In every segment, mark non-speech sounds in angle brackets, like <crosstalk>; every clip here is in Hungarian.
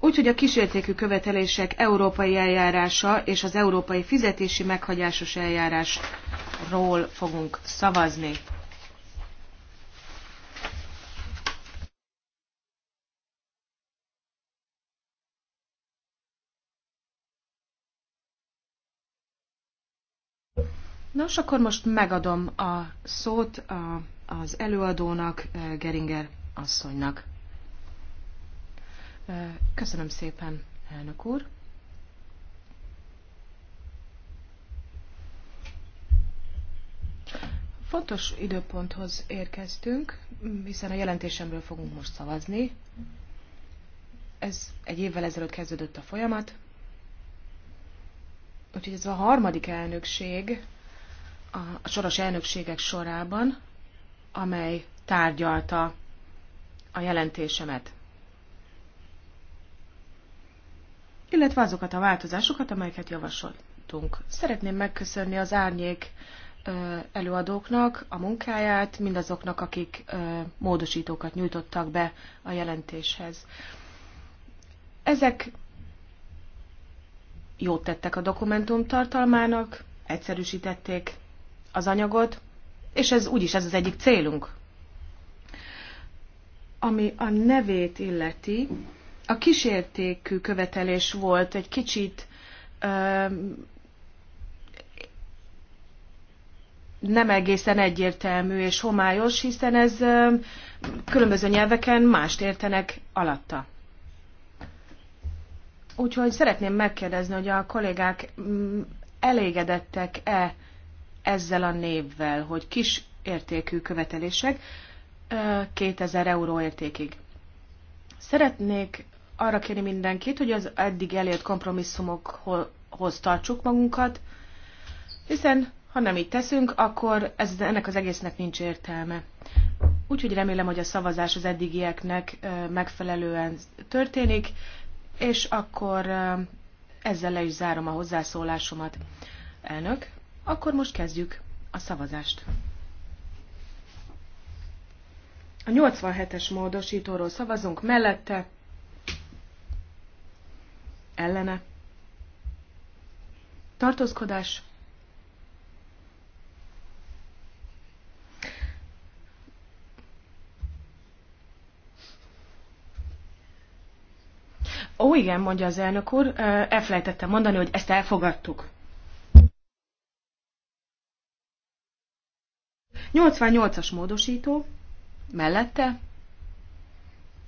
Úgyhogy a kísértékű követelések európai eljárása és az európai fizetési meghagyásos eljárásról fogunk szavazni. Nos, akkor most megadom a szót az előadónak, Geringer asszonynak. Köszönöm szépen, elnök úr. Fontos időponthoz érkeztünk, hiszen a jelentésemről fogunk most szavazni. Ez egy évvel ezelőtt kezdődött a folyamat, úgyhogy ez a harmadik elnökség a, soros elnökségek sorában, amely tárgyalta a jelentésemet. illetve azokat a változásokat, amelyeket javasoltunk. Szeretném megköszönni az árnyék előadóknak a munkáját, mindazoknak, akik módosítókat nyújtottak be a jelentéshez. Ezek jót tettek a dokumentum tartalmának, egyszerűsítették az anyagot, és ez úgyis ez az egyik célunk. Ami a nevét illeti, a kísértékű követelés volt egy kicsit nem egészen egyértelmű és homályos, hiszen ez különböző nyelveken mást értenek alatta. Úgyhogy szeretném megkérdezni, hogy a kollégák mm, elégedettek-e ezzel a névvel, hogy kis értékű követelések 2000 euró értékig. Szeretnék arra kérni mindenkit, hogy az eddig elért kompromisszumokhoz tartsuk magunkat, hiszen ha nem így teszünk, akkor ez, ennek az egésznek nincs értelme. Úgyhogy remélem, hogy a szavazás az eddigieknek megfelelően történik, és akkor ezzel le is zárom a hozzászólásomat. Elnök, akkor most kezdjük a szavazást. A 87-es módosítóról szavazunk mellette, ellene, tartózkodás, Ó, igen, mondja az elnök úr, elfelejtettem mondani, hogy ezt elfogadtuk. 88-as módosító, mellette,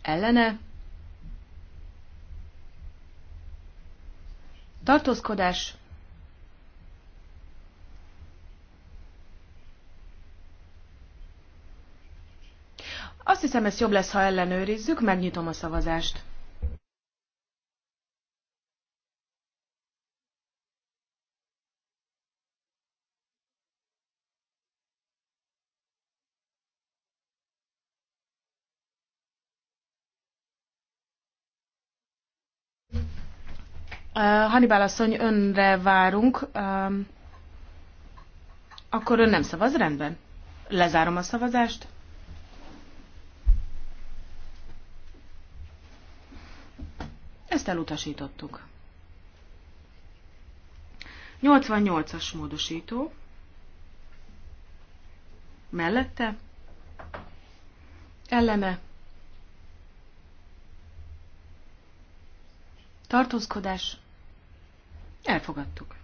ellene, Tartózkodás. Azt hiszem, ez jobb lesz, ha ellenőrizzük, megnyitom a szavazást. Hannibal asszony, önre várunk. Akkor ön nem szavaz, rendben. Lezárom a szavazást. Ezt elutasítottuk. 88-as módosító. Mellette. Ellene. Tartózkodás. Elfogadtuk.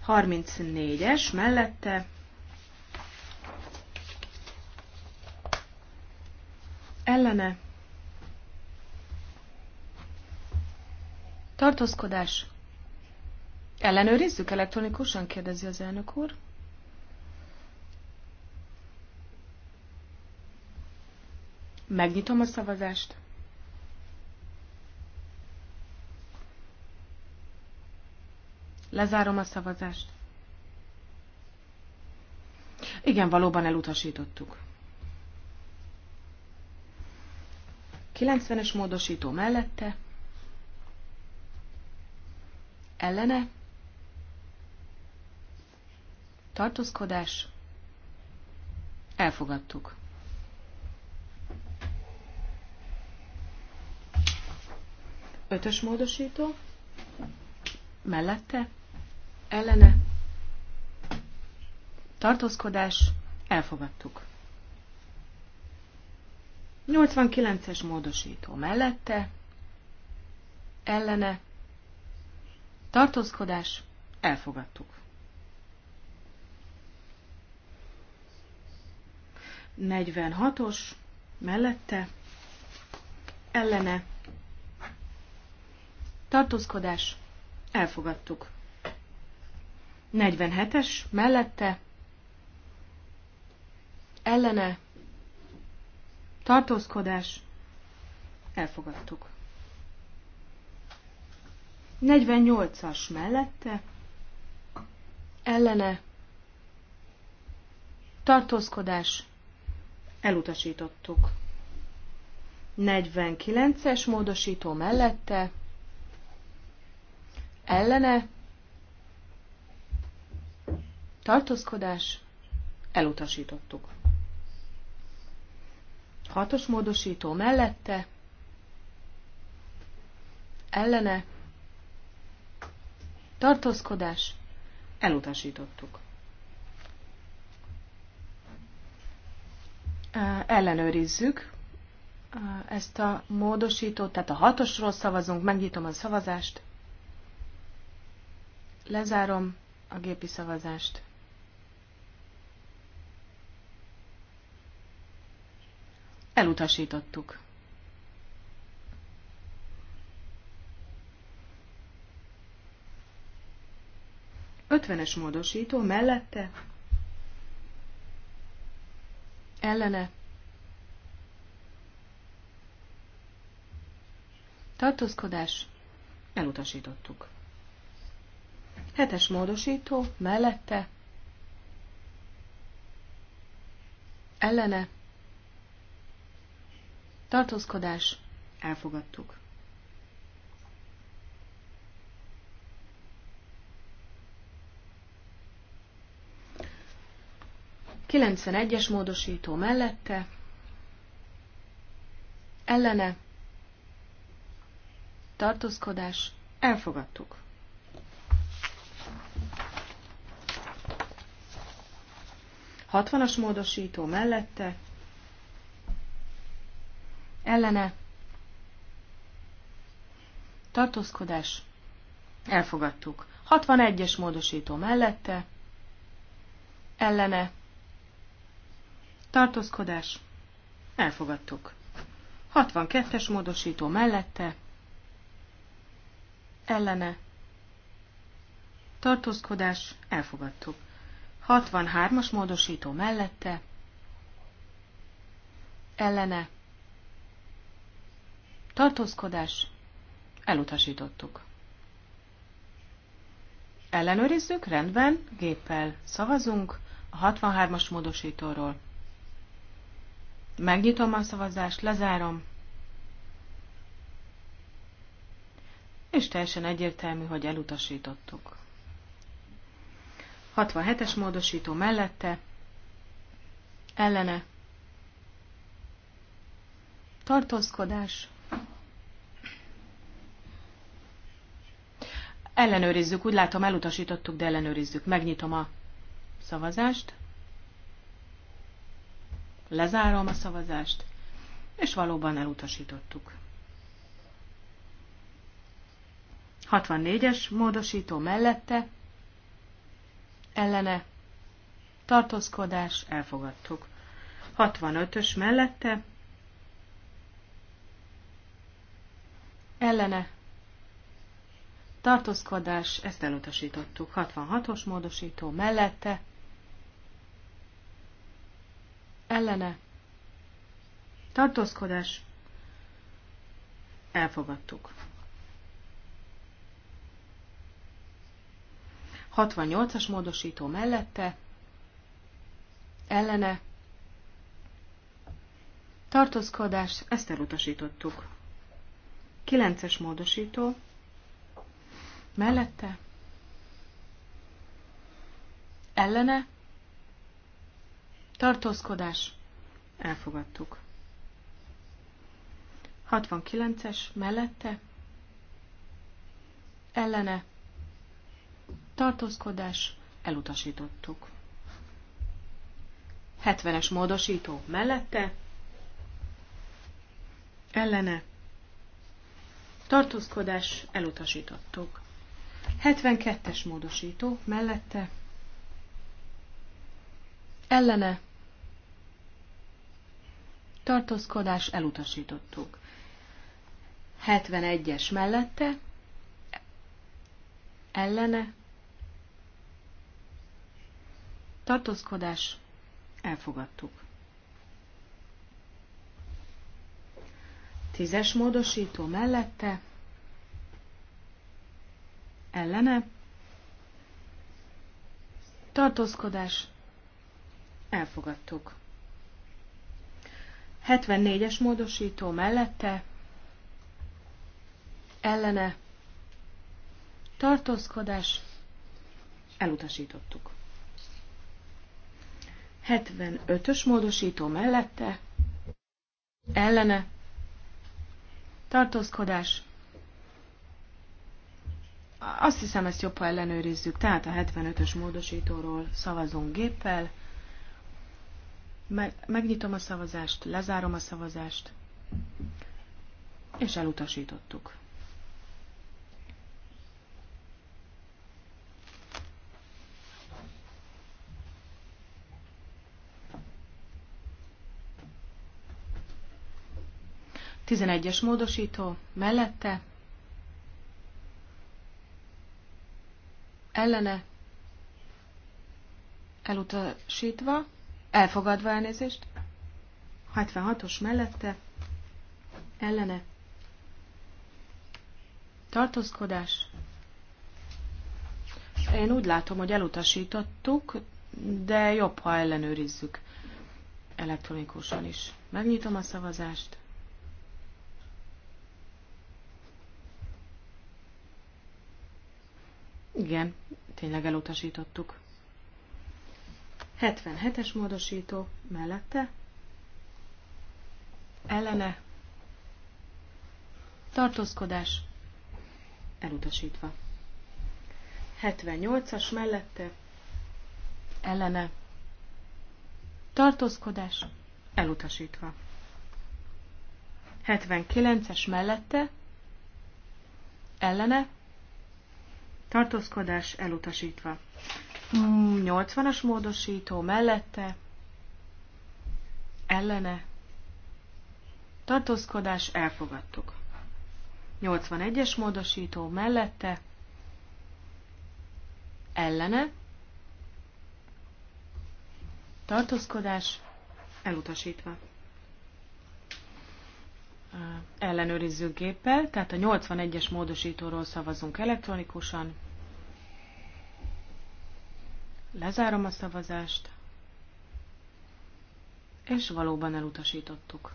Harminc négyes mellette ellene tartózkodás. Ellenőrizzük elektronikusan, kérdezi az elnök úr. Megnyitom a szavazást. Lezárom a szavazást. Igen, valóban elutasítottuk. 90-es módosító mellette, ellene, tartózkodás, elfogadtuk. Ötös módosító. Mellette. Ellene. Tartózkodás. Elfogadtuk. 89-es módosító mellette, ellene, tartózkodás, elfogadtuk. os mellette, ellene, tartózkodás, elfogadtuk. 47-es, mellette, ellene, tartózkodás, elfogadtuk. 48-as mellette, ellene, tartózkodás, elutasítottuk. 49-es módosító mellette, ellene, tartózkodás, elutasítottuk. Hatos módosító mellette, ellene, tartózkodás, elutasítottuk. Ellenőrizzük ezt a módosítót, tehát a hatosról szavazunk, megnyitom a szavazást. Lezárom a gépi szavazást. Elutasítottuk. Ötvenes módosító mellette ellene tartózkodás elutasítottuk. Hetes módosító mellette ellene tartózkodás elfogadtuk. Kilencven egyes módosító mellette ellene tartózkodás elfogadtuk. 60-as módosító mellette, ellene, tartózkodás, elfogadtuk. 61-es módosító mellette, ellene, tartózkodás, elfogadtuk. 62-es módosító mellette, ellene, tartózkodás, elfogadtuk. 63-as módosító mellette, ellene, tartózkodás, elutasítottuk. Ellenőrizzük, rendben, géppel szavazunk a 63-as módosítóról. Megnyitom a szavazást, lezárom. És teljesen egyértelmű, hogy elutasítottuk. 67-es módosító mellette, ellene, tartózkodás, ellenőrizzük, úgy látom elutasítottuk, de ellenőrizzük. Megnyitom a szavazást, lezárom a szavazást, és valóban elutasítottuk. 64-es módosító mellette, ellene tartózkodás elfogadtuk. 65-ös mellette ellene tartózkodás, ezt elutasítottuk. 66-os módosító mellette ellene tartózkodás elfogadtuk. 68-as módosító mellette, ellene, tartózkodás, ezt elutasítottuk. 9-es módosító, mellette, ellene, tartózkodás, elfogadtuk. 69-es mellette, ellene, tartózkodás, elutasítottuk. 70-es módosító mellette, ellene, tartózkodás, elutasítottuk. 72-es módosító mellette, ellene, tartózkodás, elutasítottuk. 71-es mellette, ellene, tartózkodás, elfogadtuk. Tízes módosító mellette, ellene, tartózkodás, elfogadtuk. 74-es módosító mellette, ellene, tartózkodás, elutasítottuk. 75-ös módosító mellette, ellene, tartózkodás. Azt hiszem, ezt jobb, ha ellenőrizzük. Tehát a 75-ös módosítóról szavazunk géppel. megnyitom a szavazást, lezárom a szavazást, és elutasítottuk. 11-es módosító mellette, ellene, elutasítva, elfogadva elnézést, 76-os mellette, ellene, tartózkodás. Én úgy látom, hogy elutasítottuk, de jobb, ha ellenőrizzük elektronikusan is. Megnyitom a szavazást. Igen, tényleg elutasítottuk. 77-es módosító mellette, ellene, tartózkodás, elutasítva. 78-as mellette, ellene, tartózkodás, elutasítva. 79-es mellette, ellene, tartózkodás elutasítva. 80-as módosító mellette, ellene, tartózkodás elfogadtuk. 81-es módosító mellette, ellene, tartózkodás elutasítva. Ellenőrizzük géppel, tehát a 81-es módosítóról szavazunk elektronikusan. Lezárom a szavazást, és valóban elutasítottuk.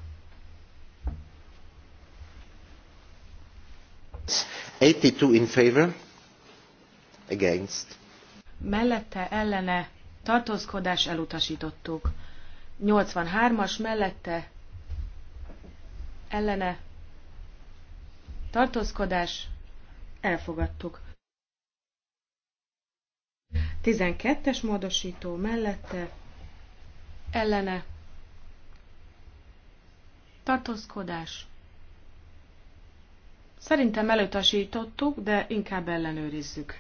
Eighty-two in favor, against. Mellette ellene tartózkodás elutasítottuk. 83-as mellette ellene tartózkodás elfogadtuk. 12-es módosító mellette ellene tartózkodás. Szerintem előtasítottuk, de inkább ellenőrizzük.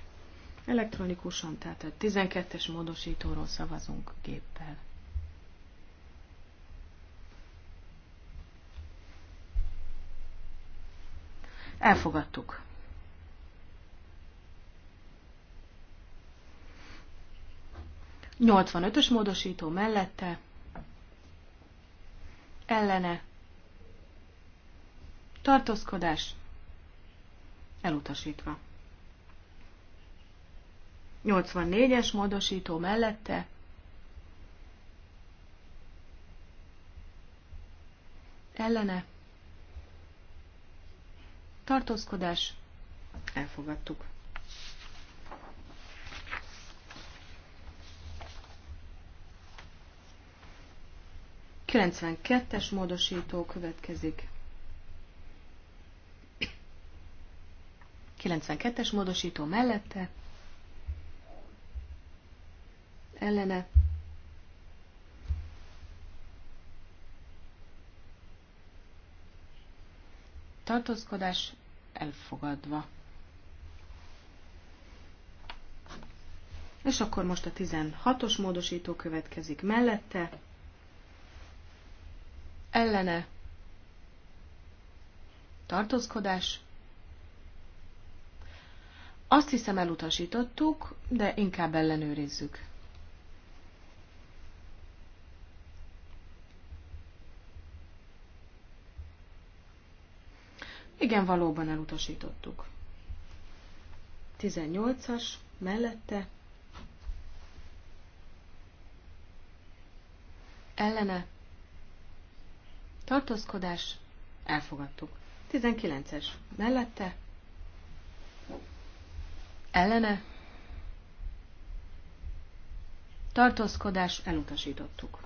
Elektronikusan, tehát a 12-es módosítóról szavazunk géppel. Elfogadtuk. 85-ös módosító mellette, ellene, tartózkodás, elutasítva. 84-es módosító mellette, ellene, tartózkodás, elfogadtuk. 92-es módosító következik. 92-es módosító mellette, ellene, tartózkodás elfogadva. És akkor most a 16-os módosító következik mellette, ellene tartózkodás. Azt hiszem elutasítottuk, de inkább ellenőrizzük. Igen, valóban elutasítottuk. 18-as, mellette, ellene, tartózkodás, elfogadtuk. 19-es mellette, ellene, tartózkodás, elutasítottuk.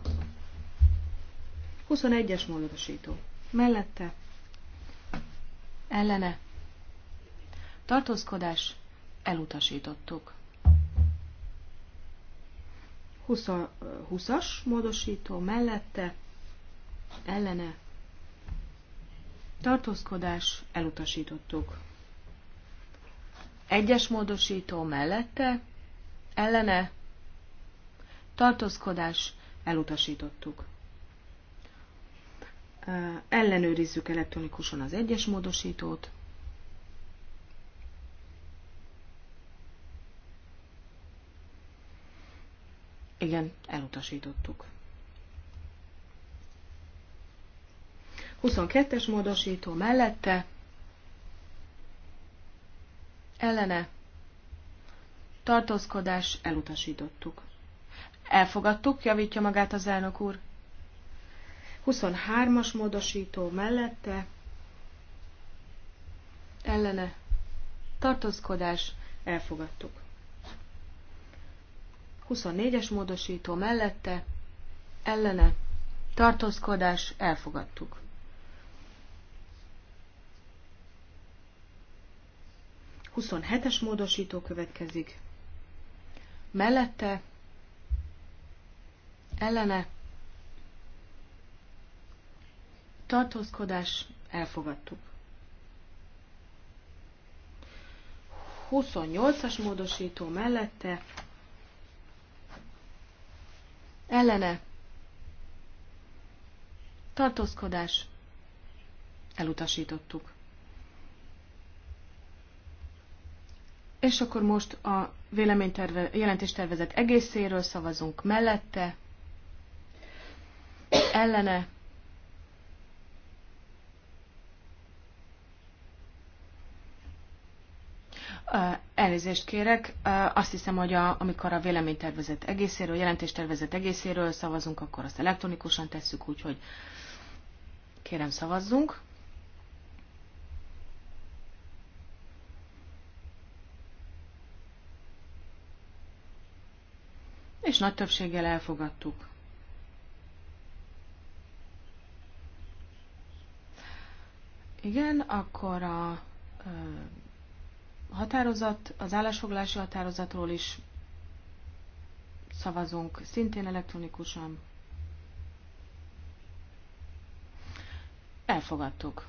21-es módosító mellette, ellene, tartózkodás, elutasítottuk. 20-as módosító mellette, ellene tartózkodás elutasítottuk. Egyes módosító mellette ellene tartózkodás elutasítottuk. Ellenőrizzük elektronikusan az egyes módosítót. Igen, elutasítottuk. 22-es módosító mellette, ellene, tartózkodás elutasítottuk. Elfogadtuk, javítja magát az elnök úr. 23-as módosító mellette, ellene, tartózkodás, elfogadtuk. 24-es módosító mellette, ellene, tartózkodás, elfogadtuk. 27-es módosító következik. Mellette, ellene, tartózkodás, elfogadtuk. 28-as módosító mellette, ellene, tartózkodás, elutasítottuk. És akkor most a véleményterve, jelentéstervezet egészéről szavazunk mellette, ellene, Elnézést kérek, azt hiszem, hogy a, amikor a véleménytervezet egészéről, jelentéstervezet egészéről szavazunk, akkor azt elektronikusan tesszük, úgyhogy kérem szavazzunk. és nagy többséggel elfogadtuk. Igen, akkor a határozat, az állásfoglási határozatról is szavazunk, szintén elektronikusan. Elfogadtuk.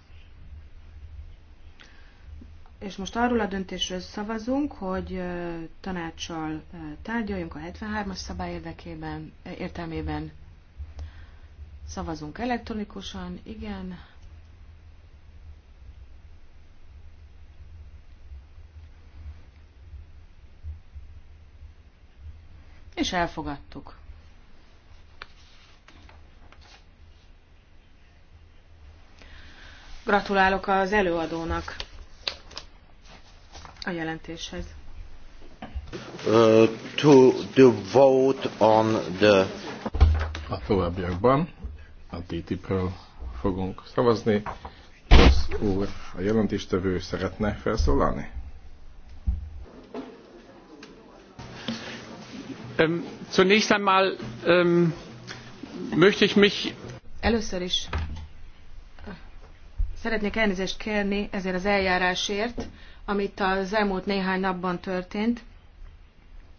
És most arról a döntésről szavazunk, hogy tanácssal tárgyaljunk a 73-as szabály érdekében, értelmében. Szavazunk elektronikusan, igen. És elfogadtuk. Gratulálok az előadónak! a jelentéshez. Uh, to the vote on the... A továbbiakban a TTIP-ről fogunk szavazni. Az úr, a jelentéstevő szeretne felszólalni? Um, zunächst einmal um, möchte ich mich... Először is Szeretnék elnézést kérni ezért az eljárásért, amit az elmúlt néhány napban történt,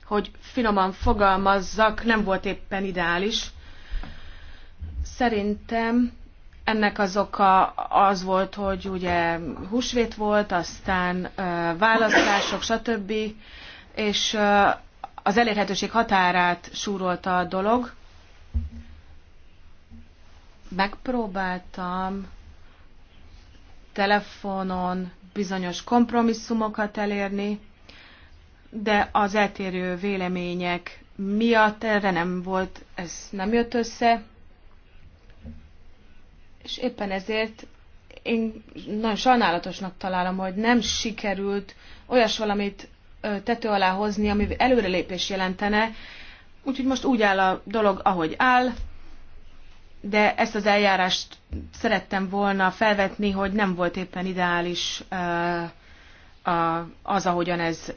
hogy finoman fogalmazzak, nem volt éppen ideális. Szerintem ennek az oka az volt, hogy ugye húsvét volt, aztán választások, stb. És az elérhetőség határát súrolta a dolog. Megpróbáltam telefonon bizonyos kompromisszumokat elérni, de az eltérő vélemények miatt erre nem volt, ez nem jött össze, és éppen ezért én nagyon sajnálatosnak találom, hogy nem sikerült olyas valamit tető alá hozni, ami előrelépés jelentene, úgyhogy most úgy áll a dolog, ahogy áll, de ezt az eljárást szerettem volna felvetni, hogy nem volt éppen ideális az, ahogyan ez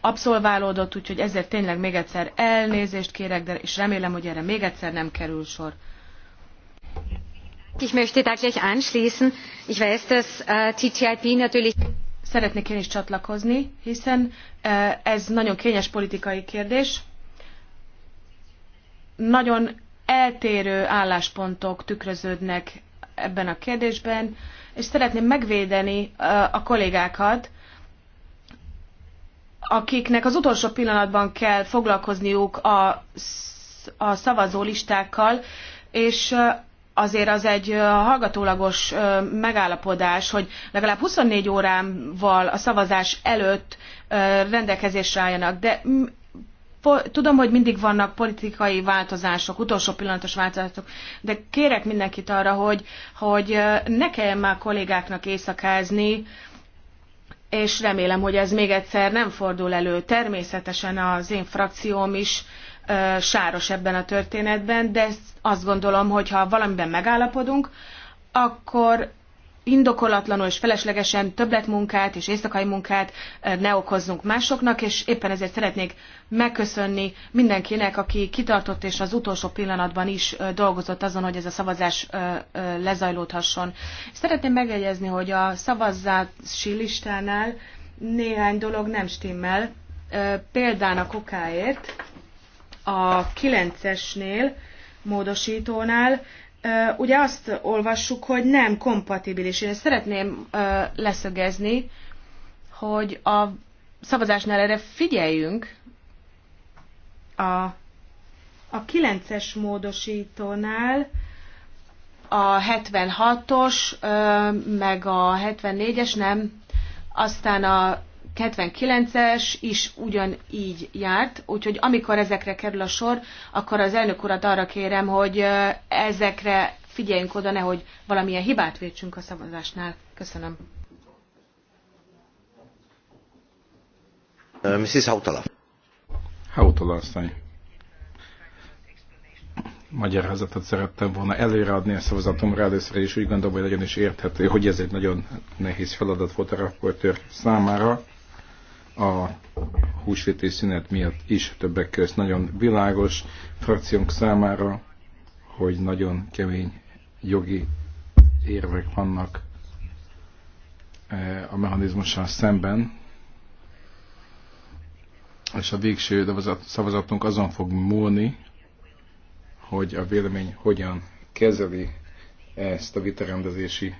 abszolválódott, úgyhogy ezért tényleg még egyszer elnézést kérek, de, és remélem, hogy erre még egyszer nem kerül sor. Ich möchte da gleich anschließen. Ich weiß, dass äh, TTIP natürlich szeretnék én is csatlakozni, hiszen ez nagyon kényes politikai kérdés. Nagyon eltérő álláspontok tükröződnek ebben a kérdésben, és szeretném megvédeni eh, a kollégákat, akiknek az utolsó pillanatban kell foglalkozniuk a, a szavazólistákkal, és eh, azért az egy eh, hallgatólagos megállapodás, hogy legalább 24 órával a szavazás előtt rendelkezésre álljanak, de Tudom, hogy mindig vannak politikai változások, utolsó pillanatos változások, de kérek mindenkit arra, hogy, hogy ne kelljen már kollégáknak éjszakázni, és remélem, hogy ez még egyszer nem fordul elő. Természetesen az én frakcióm is ö, sáros ebben a történetben, de azt gondolom, hogy ha valamiben megállapodunk, akkor indokolatlanul és feleslegesen többletmunkát és éjszakai munkát ne okozzunk másoknak, és éppen ezért szeretnék megköszönni mindenkinek, aki kitartott és az utolsó pillanatban is dolgozott azon, hogy ez a szavazás lezajlódhasson. Szeretném megjegyezni, hogy a szavazási listánál néhány dolog nem stimmel. Példának okáért a 9-esnél módosítónál ugye azt olvassuk, hogy nem kompatibilis. Én ezt szeretném leszögezni, hogy a szavazásnál erre figyeljünk. A, a 9-es módosítónál a 76-os, meg a 74-es nem, aztán a 79-es is ugyanígy járt, úgyhogy amikor ezekre kerül a sor, akkor az elnök urat arra kérem, hogy ezekre figyeljünk oda, nehogy valamilyen hibát vétsünk a szavazásnál. Köszönöm. Mrs. Hautala. Hautala asszony. Magyarázatot szerettem volna előreadni a szavazatomra először, és úgy gondolom, hogy legyen is érthető, hogy ez egy nagyon nehéz feladat volt a raportőr számára a húsvéti szünet miatt is többek között nagyon világos frakciónk számára, hogy nagyon kemény jogi érvek vannak a mechanizmussal szemben, és a végső szavazatunk azon fog múlni, hogy a vélemény hogyan kezeli ezt a vitarendezési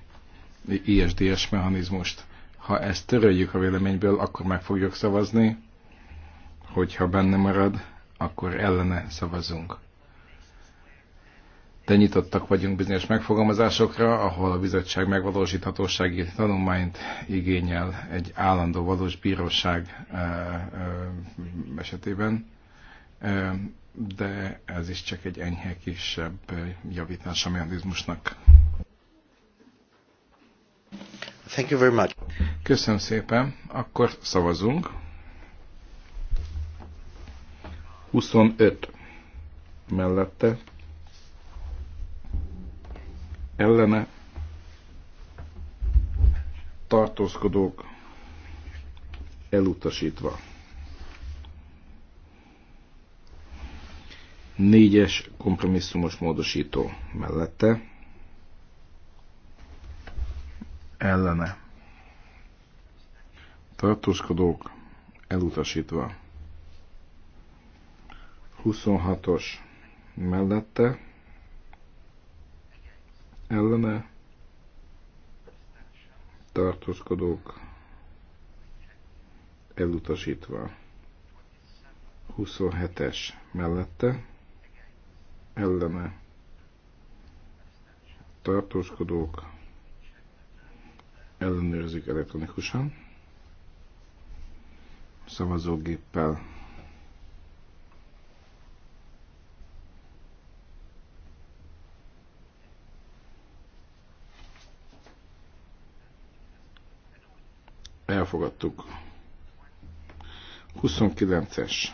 ISDS mechanizmust. Ha ezt töröljük a véleményből, akkor meg fogjuk szavazni, hogyha benne marad, akkor ellene szavazunk. De nyitottak vagyunk bizonyos megfogalmazásokra, ahol a bizottság megvalósíthatósági tanulmányt igényel egy állandó valós bíróság esetében, de ez is csak egy enyhe kisebb javítás a mechanizmusnak. Thank you very much. Köszönöm szépen. Akkor szavazunk. 25 mellette ellene tartózkodók elutasítva. Négyes kompromisszumos módosító mellette ellene tartózkodók elutasítva. 26-os mellette ellene tartózkodók elutasítva. 27-es mellette ellene tartózkodók ellenőrzik elektronikusan. Szavazógéppel elfogadtuk. 29-es.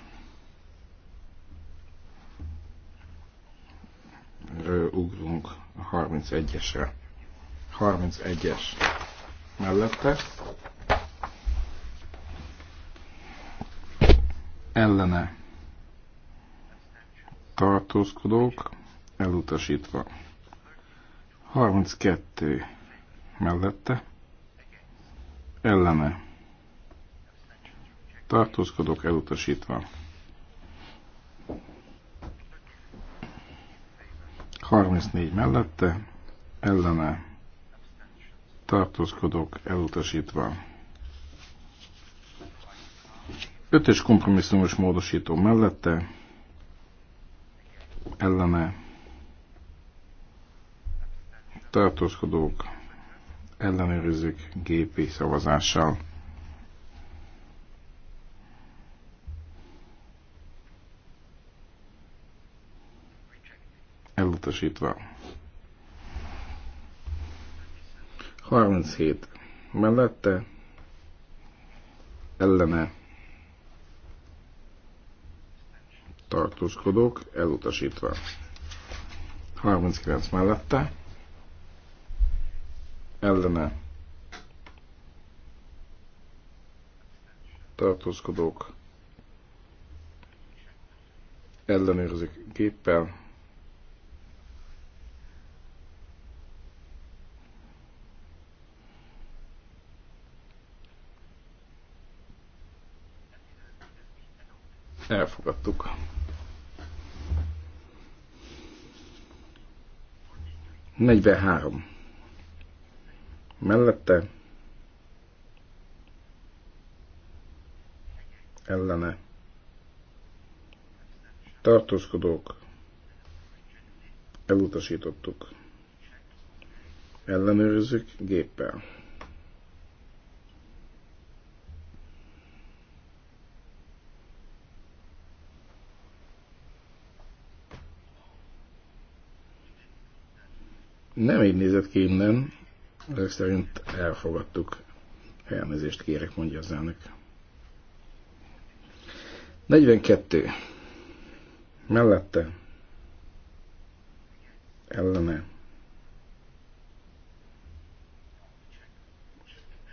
Ugrunk 31-esre. 31-es mellette, ellene tartózkodók elutasítva. 32 mellette ellene tartózkodók elutasítva. 34 mellette ellene tartózkodók elutasítva. Ötös kompromisszumos módosító mellette, ellene tartózkodók ellenőrizik gépi szavazással. Elutasítva. 37 mellette ellene tartózkodók elutasítva. 39 mellette ellene tartózkodók ellenőrzik géppel Elfogadtuk. Negyvenhárom. Mellette. Ellene. Tartózkodók. Elutasítottuk. Ellenőrzük géppel. Nem így nézett ki innen, ezek szerint elfogadtuk. Elnézést kérek, mondja az elnök. 42. Mellette. Ellene.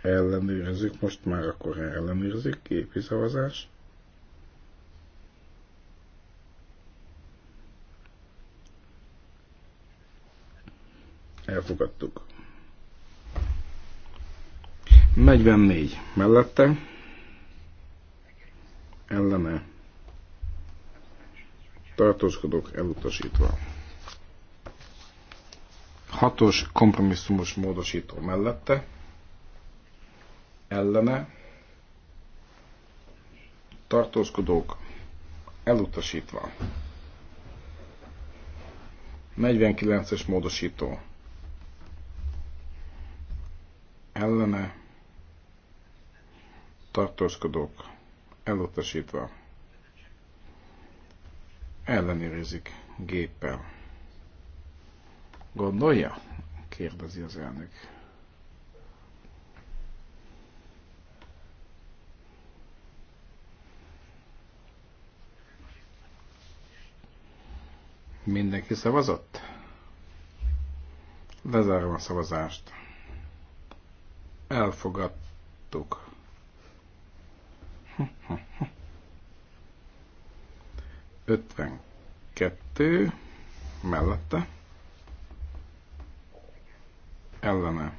Ellenőrzik most már akkor ellenőrzik, képi szavazás. elfogadtuk. 44 mellette, ellene tartózkodok elutasítva. 6-os kompromisszumos módosító mellette, ellene tartózkodók elutasítva. 49-es módosító ellene tartózkodók elutasítva ellenőrizik géppel. Gondolja? kérdezi az elnök. Mindenki szavazott? Lezárom a szavazást. Elfogadtuk. kettő mellette ellene.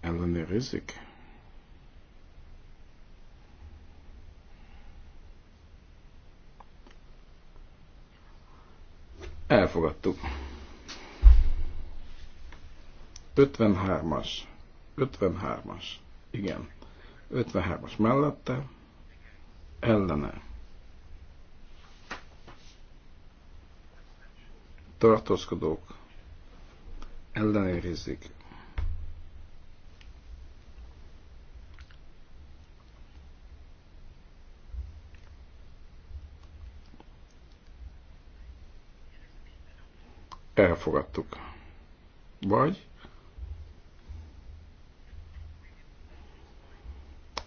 Ellenőrizzük. Elfogadtuk. 53-as. 53-as. Igen. 53-as mellette. Ellene. Tartózkodók ellenőrizik elfogadtuk. Vagy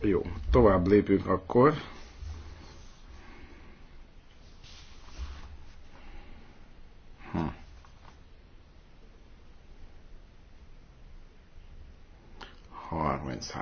Jó, tovább lépünk akkor. Hm. Harminc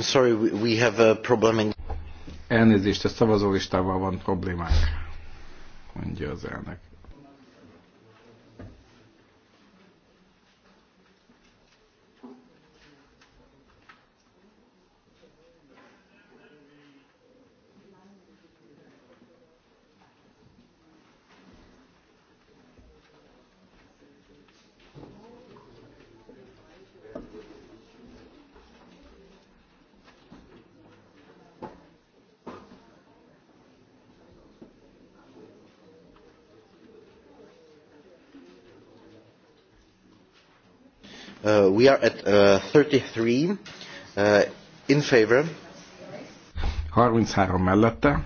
I'm sorry, we have a problem in... Elnézést, a szavazólistával van problémánk, mondja az elnök. we are at uh, 33 uh, in favor. 33 mellette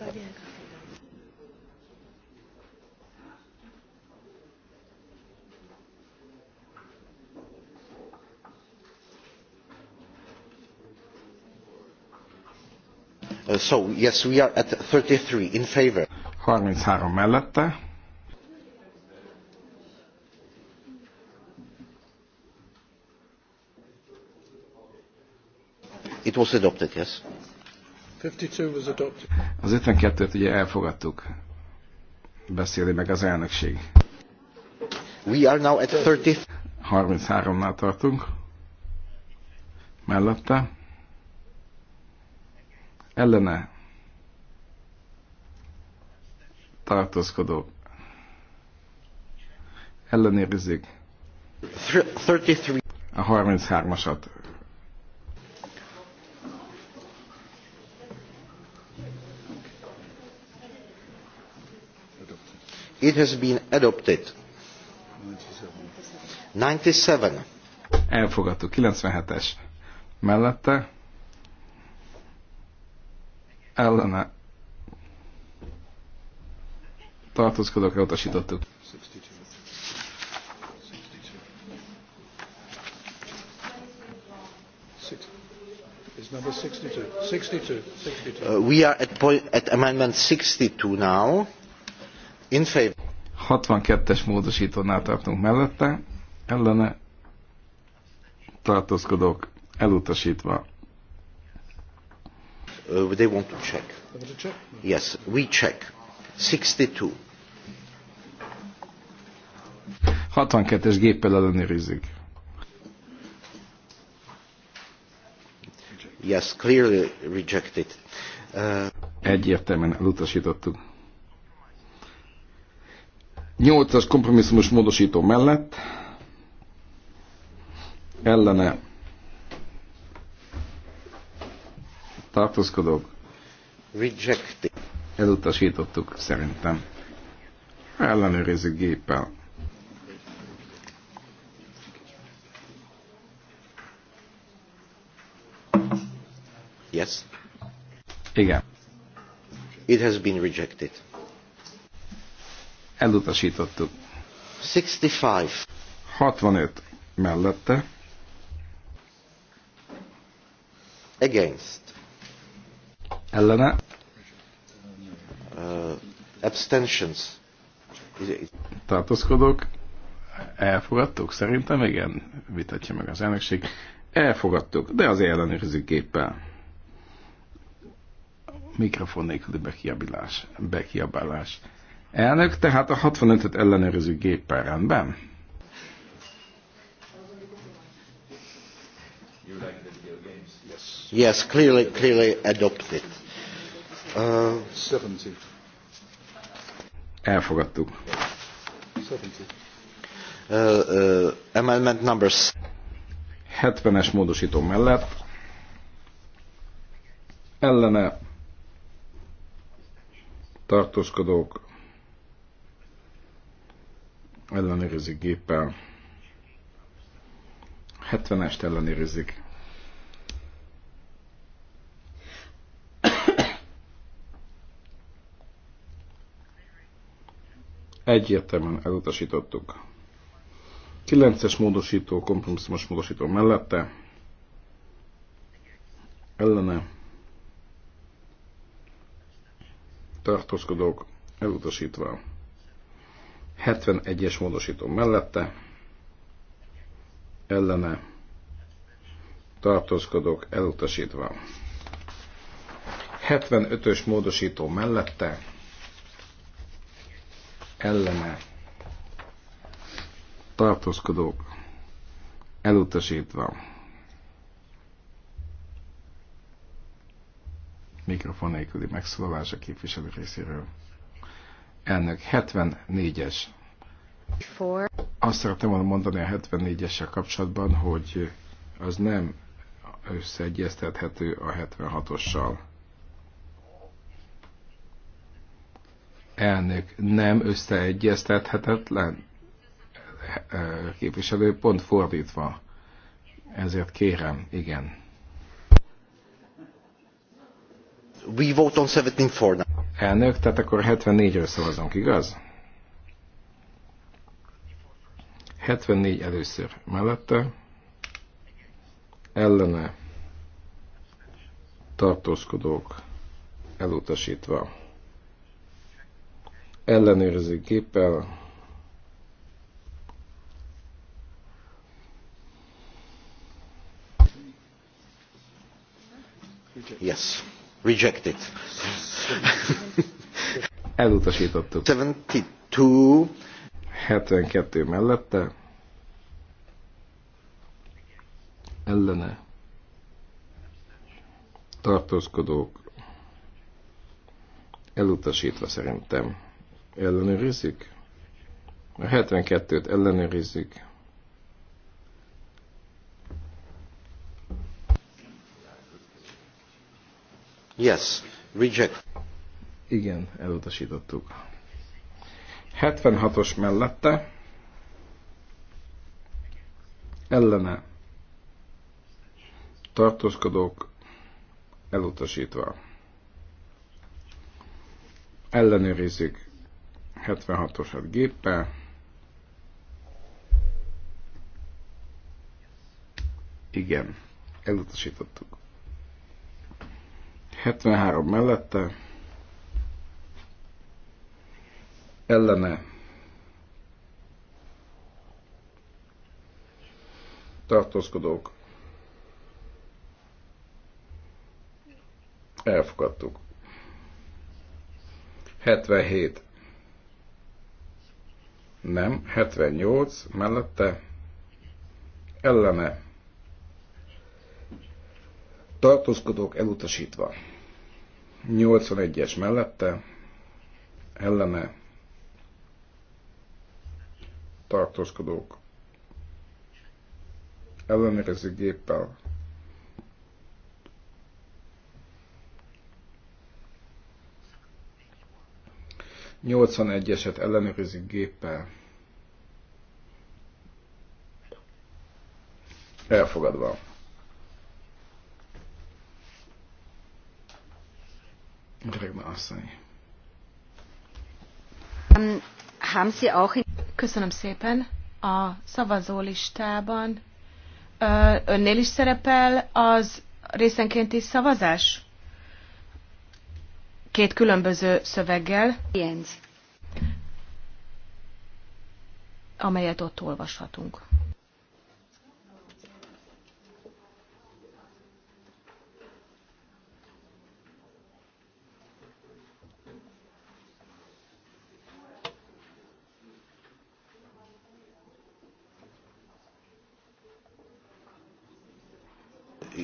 Uh, so, yes, we are at 33 in favor. 33 mellette. It was adopted, yes. Az 52-t ugye elfogadtuk. Beszéli meg az elnökség. We are now at 33-nál tartunk. Mellette. Ellene. Tartózkodók. Ellenérzik. A 33-asat It has been adopted. 97. Elfogadtuk. 97-es. Mellette. Ellene. Tartózkodok, elutasítottuk. 62. 62. 62. Uh, we are at, point, at amendment 62 now. In favor. 62-es módosítónál tartunk mellette, ellene tartózkodók elutasítva. Uh, they want to check. check. Yes, we check. 62. 62-es géppel ellenőrizzük. Yes, clearly rejected. Uh, Egyértelműen elutasítottuk. 8-as kompromisszumos módosító mellett ellene tartózkodok. rejected. Elutasítottuk szerintem. Ellenőrizzük géppel. Yes. Igen. It has been rejected elutasítottuk. 65. 65 mellette. Against. Ellene. Uh, abstentions. Tartózkodok. Elfogadtuk? Szerintem igen. Vitatja meg az elnökség. Elfogadtuk, de az ellenőrző géppel. Mikrofon nélküli bekiabálás. bekiabálás. Elnök, tehát a 65 et ellenőrző géppel rendben. Yes, clearly, clearly adopted. Uh, 70. Elfogadtuk. 70. Uh, uh, amendment numbers. 70-es módosító mellett ellene tartózkodók ellenőrizik géppel. 70-est ellenőrizik. Egyértelműen elutasítottuk. 9-es módosító, kompromisszumos módosító mellette, ellene tartózkodók elutasítva. 71-es módosító mellette, ellene tartózkodok elutasítva. 75-ös módosító mellette, ellene tartózkodok elutasítva. Mikrofon nélküli megszólalás a képviselő részéről. Elnök 74-es. Azt szeretném volna mondani a 74-essel kapcsolatban, hogy az nem összeegyeztethető a 76-ossal. Elnök nem összeegyeztethetetlen képviselő, pont fordítva. Ezért kérem, igen. We vote on 17 for now. Elnök, tehát akkor 74-ről szavazunk, igaz? 74 először mellette, ellene tartózkodók elutasítva. Ellenőrző képpel, Yes. Rejected. <laughs> Elutasítottuk. 72. 72 mellette. Ellene. Tartózkodók. Elutasítva szerintem. Ellenőrizzük? A 72-t ellenőrizzük. Yes, reject. Igen, elutasítottuk. 76-os mellette ellene tartózkodók elutasítva. Ellenőrizzük 76-osat géppel. Igen, elutasítottuk. 73 mellette, ellene tartózkodók elfogadtuk. 77 nem, 78 mellette ellene tartózkodók elutasítva. 81-es mellette, ellene tartózkodók. Ellenőrizzük géppel. Nyolcvan egyeset ellenőrizik géppel. Elfogadva. Um, Köszönöm szépen. A szavazólistában önnél is szerepel az részenkénti szavazás? Két különböző szöveggel. Amelyet ott olvashatunk.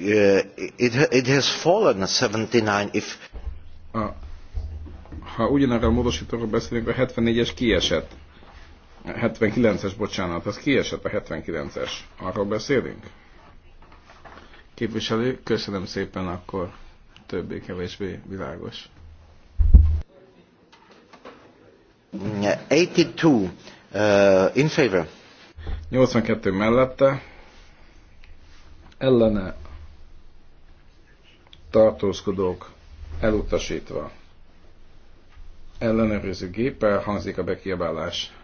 Uh, it, has fallen 79 if... A, ha ugyanarra a módosítóról beszélünk, a 74-es kiesett. 79-es, bocsánat, az kiesett a 79-es. Arról beszélünk? Képviselő, köszönöm szépen, akkor többé-kevésbé világos. 82 uh, in favor. 82 mellette, ellene tartózkodók elutasítva. Ellenőrző géppel hangzik a bekiabálás.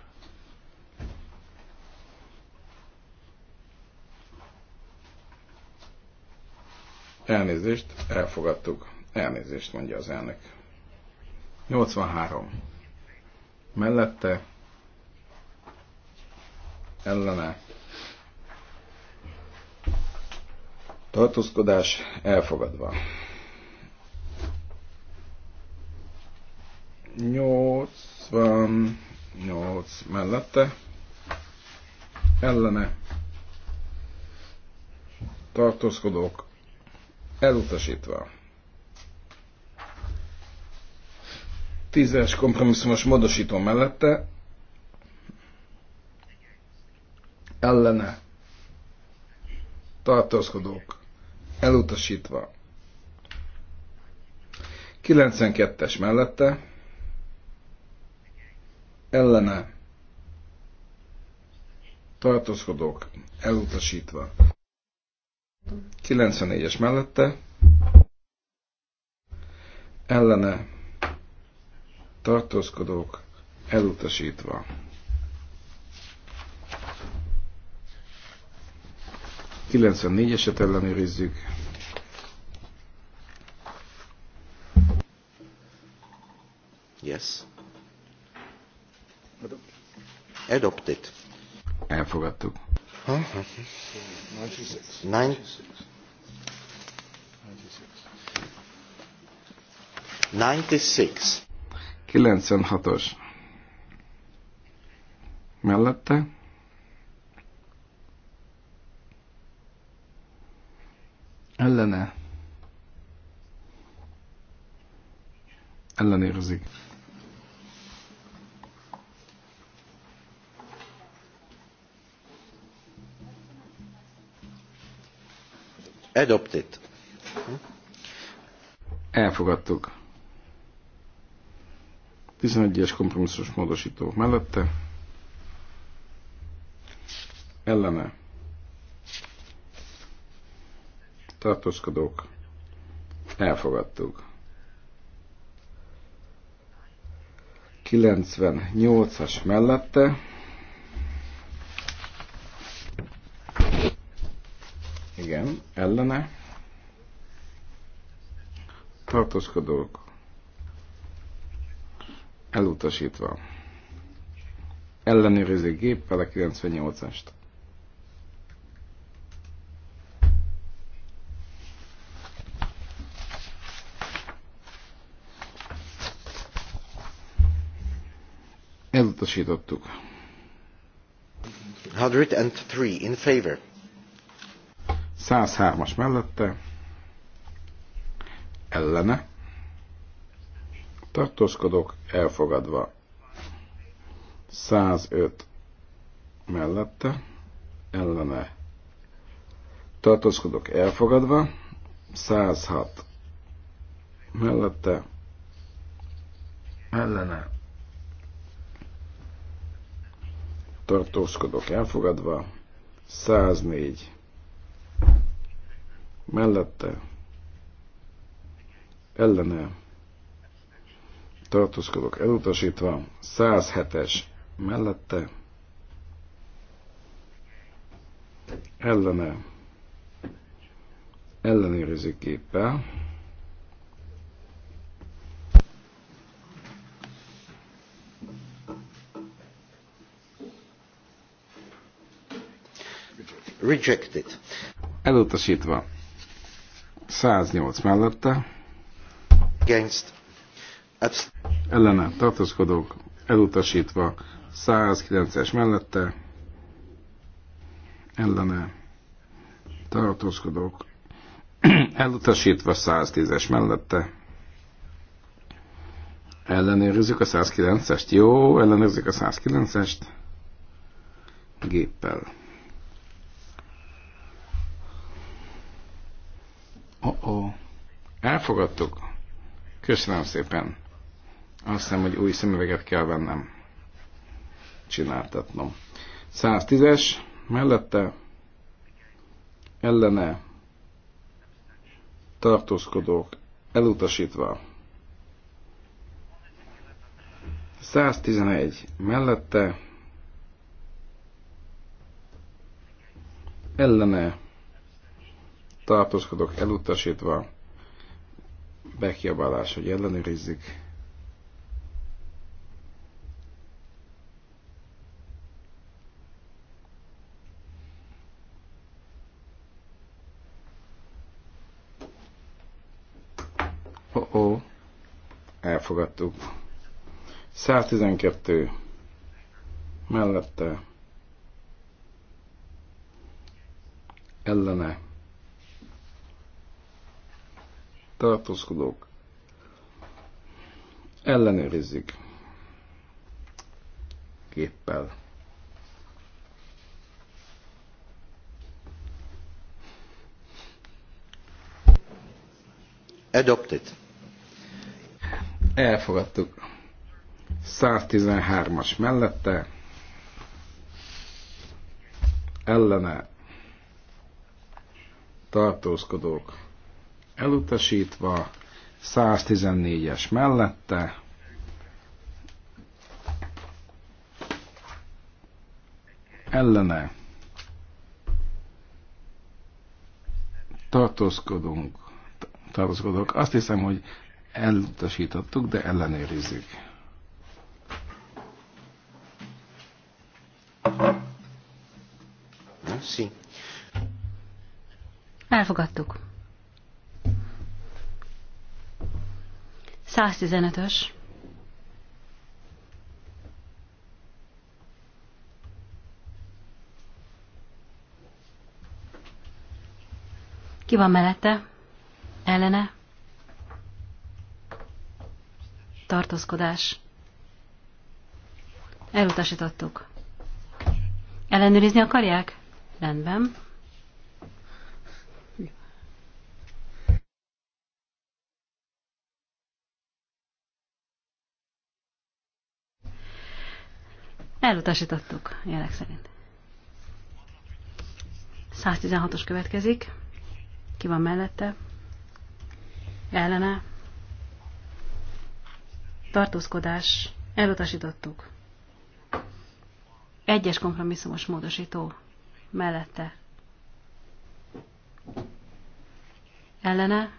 Elnézést, elfogadtuk. Elnézést, mondja az elnök. 83. Mellette, ellene, tartózkodás elfogadva. 88 mellette ellene tartózkodók elutasítva. Tízes kompromisszumos módosító mellette ellene tartózkodók elutasítva. 92-es mellette ellene tartózkodók elutasítva. 94-es mellette ellene tartózkodók elutasítva. Kilencvennégyeset ellenőrizzük. Yes. Adopted. Elfogadtuk. Huh? 96. 96. 96. 96-os. Mellette. Ellene. Ellenérzik. Adopted. Elfogadtuk. 11-es kompromisszus módosító mellette. Ellene. Tartózkodók. Elfogadtuk. 98-as mellette tartózkodók elutasítva. ellenőrizik géppel a 98-ast. Elutasítottuk. 103 in favor. 103-as mellette ellene, tartózkodok elfogadva. 105 mellette, ellene, tartózkodok elfogadva. 106 mellette, ellene, tartózkodok elfogadva. 104 mellette, ellene tartózkodok elutasítva, 107-es mellette, ellene ellenőrző képpel, Rejected. Elutasítva. 108 mellette Against. Ellene tartózkodók elutasítva 109-es mellette ellene tartózkodók <clears throat> elutasítva 110-es mellette ellenőrizzük a 109-est. Jó, ellenőrizzük a 109-est géppel. Oh -oh. Elfogadtuk. Köszönöm szépen. Azt hiszem, hogy új szemüveget kell vennem. Csináltatnom. 110-es, mellette, ellene, tartózkodók, elutasítva. 111, mellette, ellene, tartózkodók, elutasítva bekiabálás, hogy ellenőrizzük. Oh -oh. Elfogadtuk. 112 mellette ellene tartózkodók, ellenőrizzük képpel Adopted. Elfogadtuk. 113-as mellette ellene tartózkodók elutasítva, 114-es mellette, ellene tartózkodunk, tartózkodok. Azt hiszem, hogy elutasítottuk, de ellenőrizzük. Sí. Elfogadtuk. 115-ös. Ki van mellette? Ellene? Tartózkodás. Elutasítottuk. Ellenőrizni akarják? Rendben. Elutasítottuk, jelek szerint. 116-os következik. Ki van mellette? Ellene. Tartózkodás. Elutasítottuk. Egyes kompromisszumos módosító. Mellette. Ellene.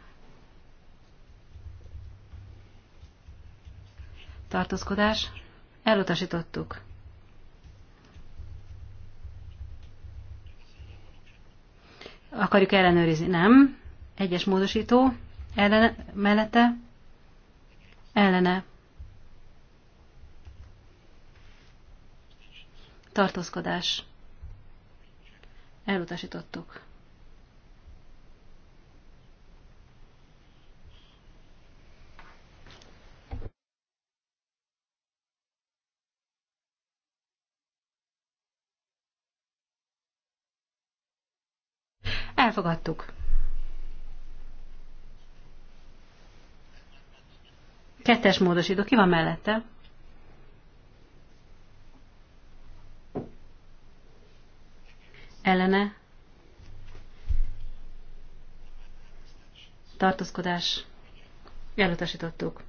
Tartózkodás. Elutasítottuk. Akarjuk ellenőrizni? Nem. Egyes módosító ellene, mellette ellene tartózkodás. Elutasítottuk. Elfogadtuk. Kettes módosító, ki van mellette? Ellene? Tartózkodás? Elutasítottuk.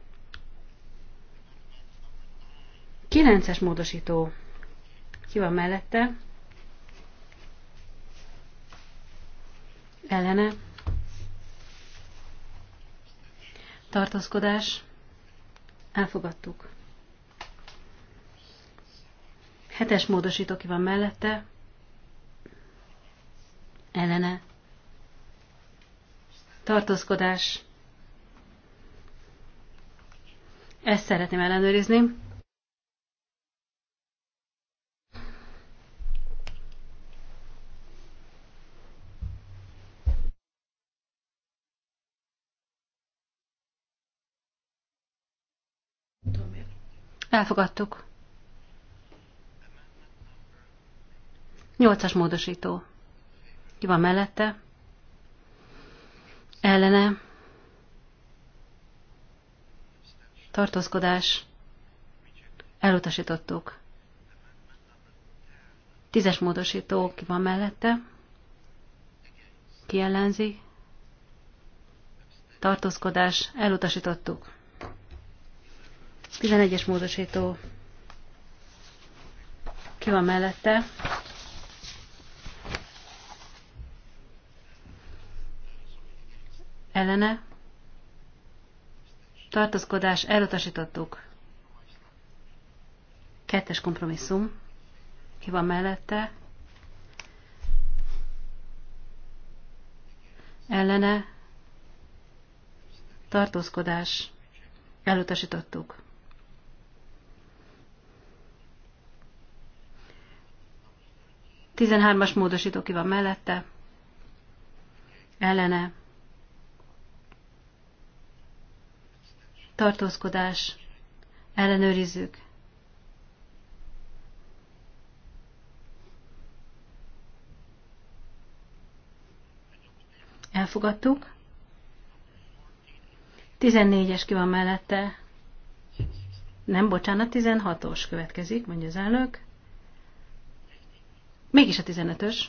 Kilences módosító, ki van mellette? ellene, tartózkodás, elfogadtuk. Hetes módosító ki van mellette, ellene, tartózkodás, ezt szeretném ellenőrizni. Elfogadtuk. Nyolcas módosító. Ki van mellette? Ellene. Tartózkodás. Elutasítottuk. Tízes módosító. Ki van mellette? Ki ellenzi? Tartózkodás. Elutasítottuk. 11-es módosító ki van mellette. Ellene. Tartozkodás elutasítottuk. Kettes kompromisszum. Ki van mellette? Ellene. Tartózkodás. Elutasítottuk. 13-as módosító ki van mellette, ellene, tartózkodás, ellenőrizzük. Elfogadtuk. 14-es ki van mellette. Nem, bocsánat, 16-os következik, mondja az elnök. Mégis a 15-ös.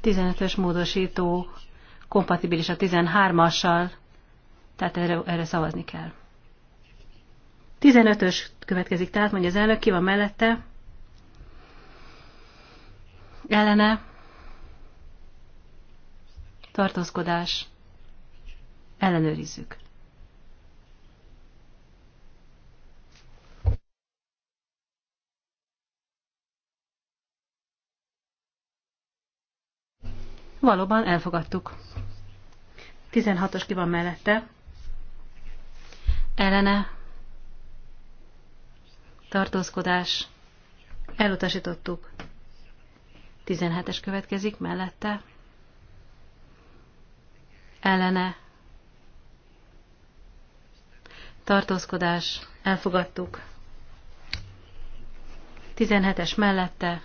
Tizenötös módosító kompatibilis a 13-assal, tehát erre, erre szavazni kell. 15-ös következik, tehát mondja az elnök, ki van mellette, ellene, tartózkodás, ellenőrizzük. Valóban elfogadtuk. 16-os ki van mellette. Ellene. Tartózkodás. Elutasítottuk. 17-es következik mellette ellene tartózkodás elfogadtuk. 17-es mellette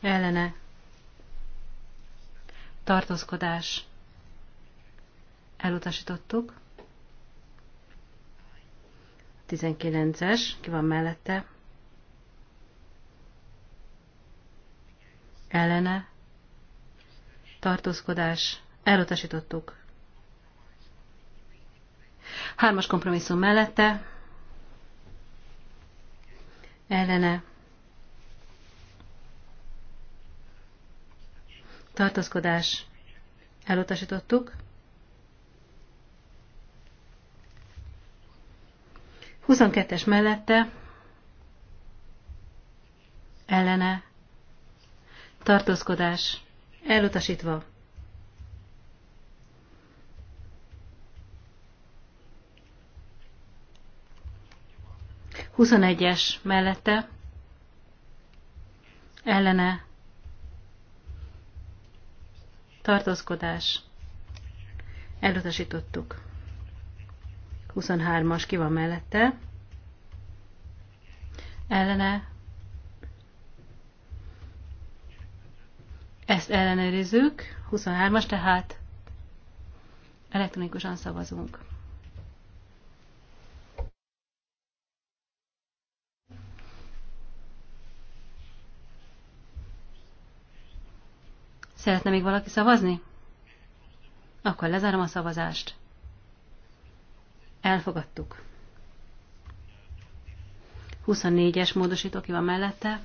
ellene tartózkodás elutasítottuk. 19-es, ki van mellette? Ellene tartózkodás, elutasítottuk. Hármas kompromisszum mellette, ellene, tartózkodás, elutasítottuk. 22-es mellette, ellene, tartózkodás, Elutasítva. Huszonegyes mellette. Ellene. Tartózkodás. Elutasítottuk. 23-as ki van mellette. Ellene Ezt ellenőrizzük, 23-as, tehát elektronikusan szavazunk. Szeretne még valaki szavazni? Akkor lezárom a szavazást. Elfogadtuk. 24-es módosító ki van mellette.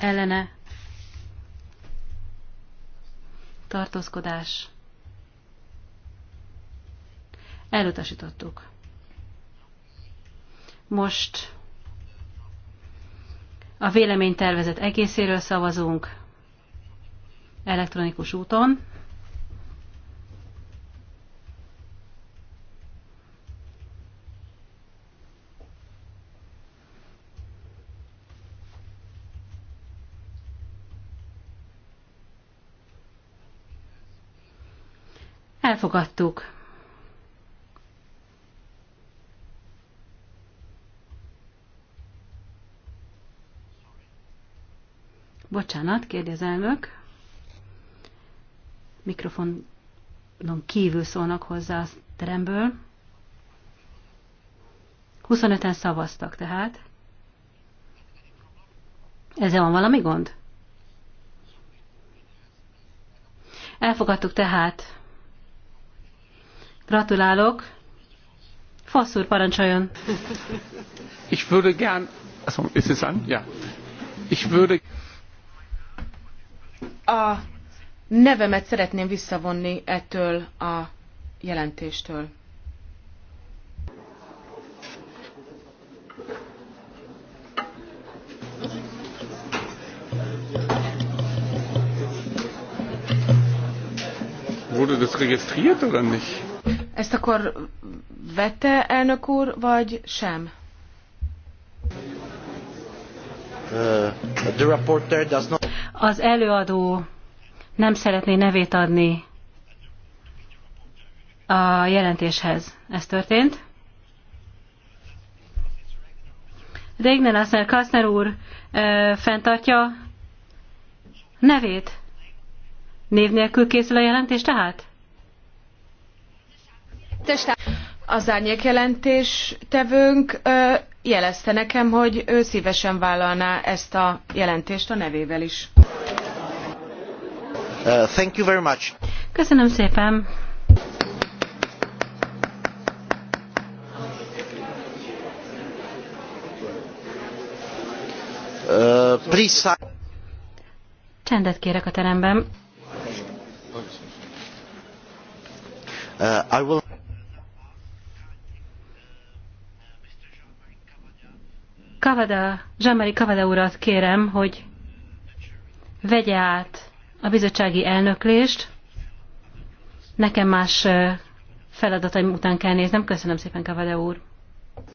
Ellene tartózkodás, elutasítottuk. Most a véleménytervezet egészéről szavazunk elektronikus úton. elfogadtuk. Bocsánat, kérdi az elnök. Mikrofonon kívül szólnak hozzá a teremből. 25-en szavaztak tehát. Ezzel van valami gond? Elfogadtuk tehát Gratulálok. faszúr parancsoljon. Ich würde gern... Also, ist es an? Ja. Ich würde... A nevemet szeretném visszavonni ettől a jelentéstől. Wurde das registriert oder nicht? Ezt akkor vette elnök úr, vagy sem? Uh, Az előadó nem szeretné nevét adni a jelentéshez. Ez történt? Régner Asszner Kaszner úr ö, fenntartja nevét. Név nélkül készül a jelentés tehát? Az árnyék tevőnk jelezte nekem, hogy ő szívesen vállalná ezt a jelentést a nevével is. Uh, thank you very much. Köszönöm szépen. Uh, Csendet kérek a teremben. Uh, I will... Kavada, Zsámari Kavada urat kérem, hogy vegye át a bizottsági elnöklést. Nekem más feladataim után kell néznem. Köszönöm szépen, Kavada úr.